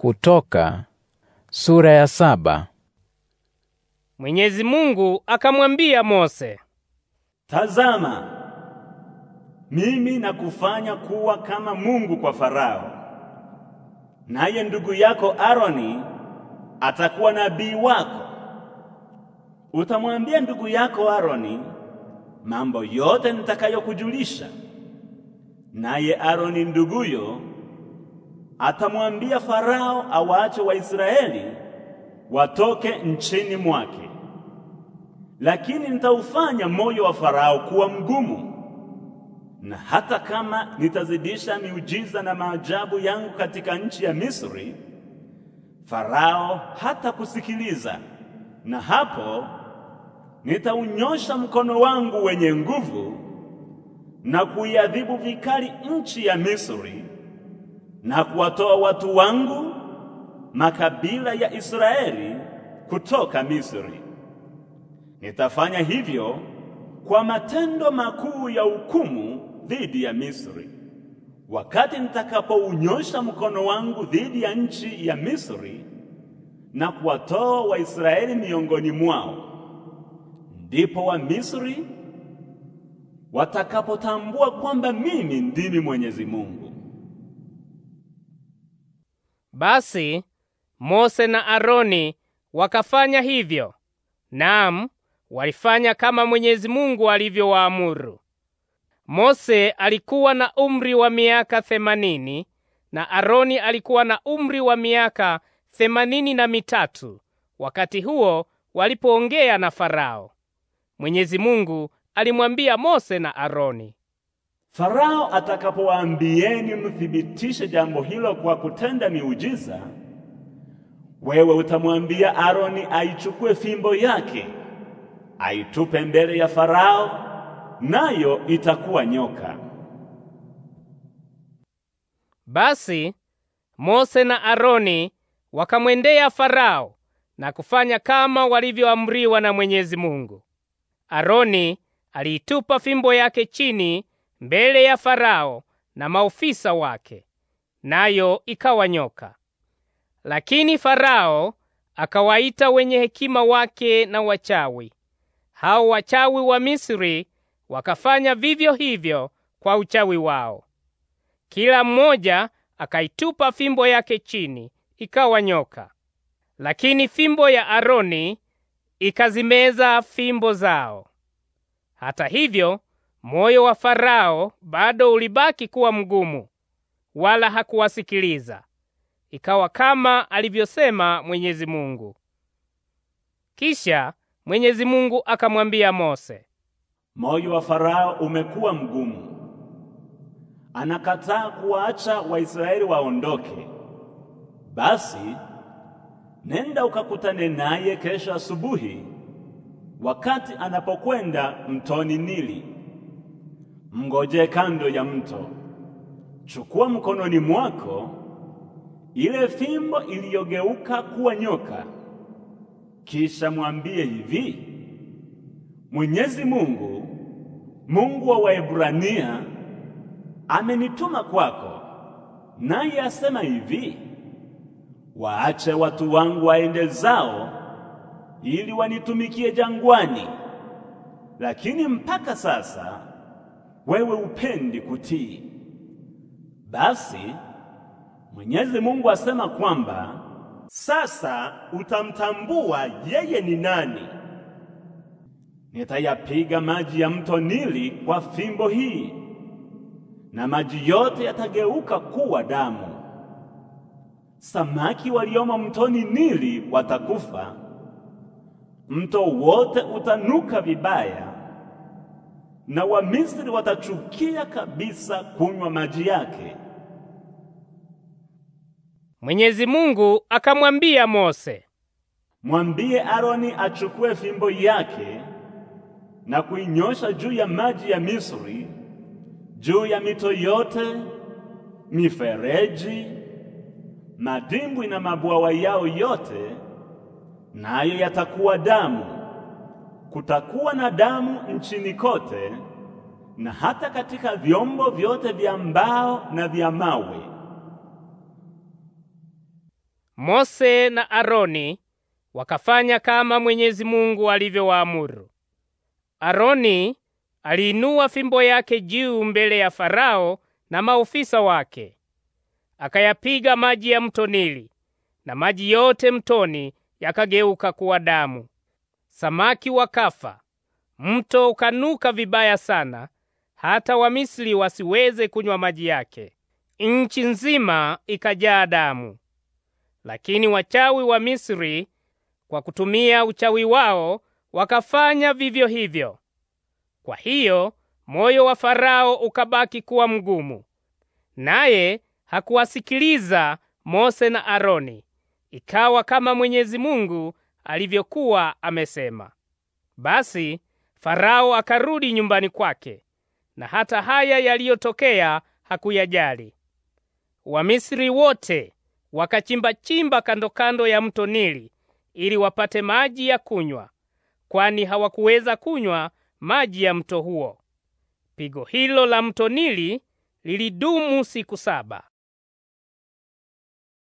Kutoka sura ya saba. Mwenyezi Mungu akamwambia Mose, Tazama, mimi nakufanya kuwa kama Mungu kwa Farao, naye ndugu yako Aroni atakuwa nabii wako. Utamwambia ndugu yako Aroni mambo yote nitakayokujulisha, naye Aroni nduguyo atamwambia Farao awaache Waisraeli watoke nchini mwake, lakini nitaufanya moyo wa Farao kuwa mgumu, na hata kama nitazidisha miujiza na maajabu yangu katika nchi ya Misri, Farao hatakusikiliza, na hapo nitaunyosha mkono wangu wenye nguvu na kuiadhibu vikali nchi ya Misri na kuwatoa watu wangu makabila ya Israeli kutoka Misri. Nitafanya hivyo kwa matendo makuu ya hukumu dhidi ya Misri. Wakati nitakapounyosha mkono wangu dhidi ya nchi ya Misri na kuwatoa Waisraeli miongoni mwao, ndipo Misri watakapotambua kwamba mimi ndimi Mwenyezi Mungu. Basi Mose na Aroni wakafanya hivyo. Naam, walifanya kama Mwenyezi Mungu alivyowaamuru. Mose alikuwa na umri wa miaka themanini na Aroni alikuwa na umri wa miaka themanini na mitatu wakati huo walipoongea na Farao. Mwenyezi Mungu alimwambia Mose na Aroni, Farao atakapowaambieni mthibitishe jambo hilo kwa kutenda miujiza, wewe utamwambia Aroni aichukue fimbo yake aitupe mbele ya Farao, nayo itakuwa nyoka. Basi Mose na Aroni wakamwendea Farao na kufanya kama walivyoamriwa na Mwenyezi Mungu. Aroni aliitupa fimbo yake chini mbele ya Farao na maofisa wake, nayo ikawa nyoka. Lakini Farao akawaita wenye hekima wake na wachawi. Hao wachawi wa Misri wakafanya vivyo hivyo kwa uchawi wao. Kila mmoja akaitupa fimbo yake chini, ikawa nyoka. Lakini fimbo ya Aroni ikazimeza fimbo zao. Hata hivyo, Moyo wa Farao bado ulibaki kuwa mgumu, wala hakuwasikiliza. Ikawa kama alivyosema Mwenyezi Mungu. Kisha Mwenyezi Mungu akamwambia Mose, moyo wa Farao umekuwa mgumu, anakataa kuwaacha Waisraeli waondoke. Basi nenda ukakutane naye kesho asubuhi, wakati anapokwenda mtoni Nili mngoje kando ya mto. Chukua mkononi mwako ile fimbo iliyogeuka kuwa nyoka, kisha mwambie hivi: Mwenyezi Mungu, Mungu wa Waebrania, amenituma kwako, naye asema hivi: waache watu wangu waende zao, ili wanitumikie jangwani. Lakini mpaka sasa wewe upendi kutii. Basi Mwenyezi Mungu asema kwamba sasa utamtambua yeye ni nani. Nitayapiga maji ya mto Nili kwa fimbo hii, na maji yote yatageuka kuwa damu. Samaki waliomo mtoni Nili watakufa, mto wote utanuka vibaya na Wamisri watachukia kabisa kunywa maji yake. Mwenyezi Mungu akamwambia Mose, mwambie Aroni achukue fimbo yake na kuinyosha juu ya maji ya Misri, juu ya mito yote, mifereji, madimbwi na mabwawa yao yote, nayo yatakuwa damu kutakuwa na damu nchini kote na hata katika vyombo vyote vya mbao na vya mawe. Mose na Aroni wakafanya kama Mwenyezi Mungu alivyowaamuru. Aroni aliinua fimbo yake juu mbele ya Farao na maofisa wake, akayapiga maji ya mto Nili, na maji yote mtoni yakageuka kuwa damu samaki wakafa, mto ukanuka vibaya sana, hata Wamisri wasiweze kunywa maji yake. Nchi nzima ikajaa damu. Lakini wachawi wa Misri kwa kutumia uchawi wao wakafanya vivyo hivyo. Kwa hiyo moyo wa Farao ukabaki kuwa mgumu, naye hakuwasikiliza Mose na Aroni. Ikawa kama Mwenyezi Mungu alivyokuwa amesema. Basi Farao akarudi nyumbani kwake, na hata haya yaliyotokea hakuyajali. Wamisri wote wakachimba chimba kando kando ya mto Nili ili wapate maji ya kunywa, kwani hawakuweza kunywa maji ya mto huo. Pigo hilo la mto Nili lilidumu siku saba.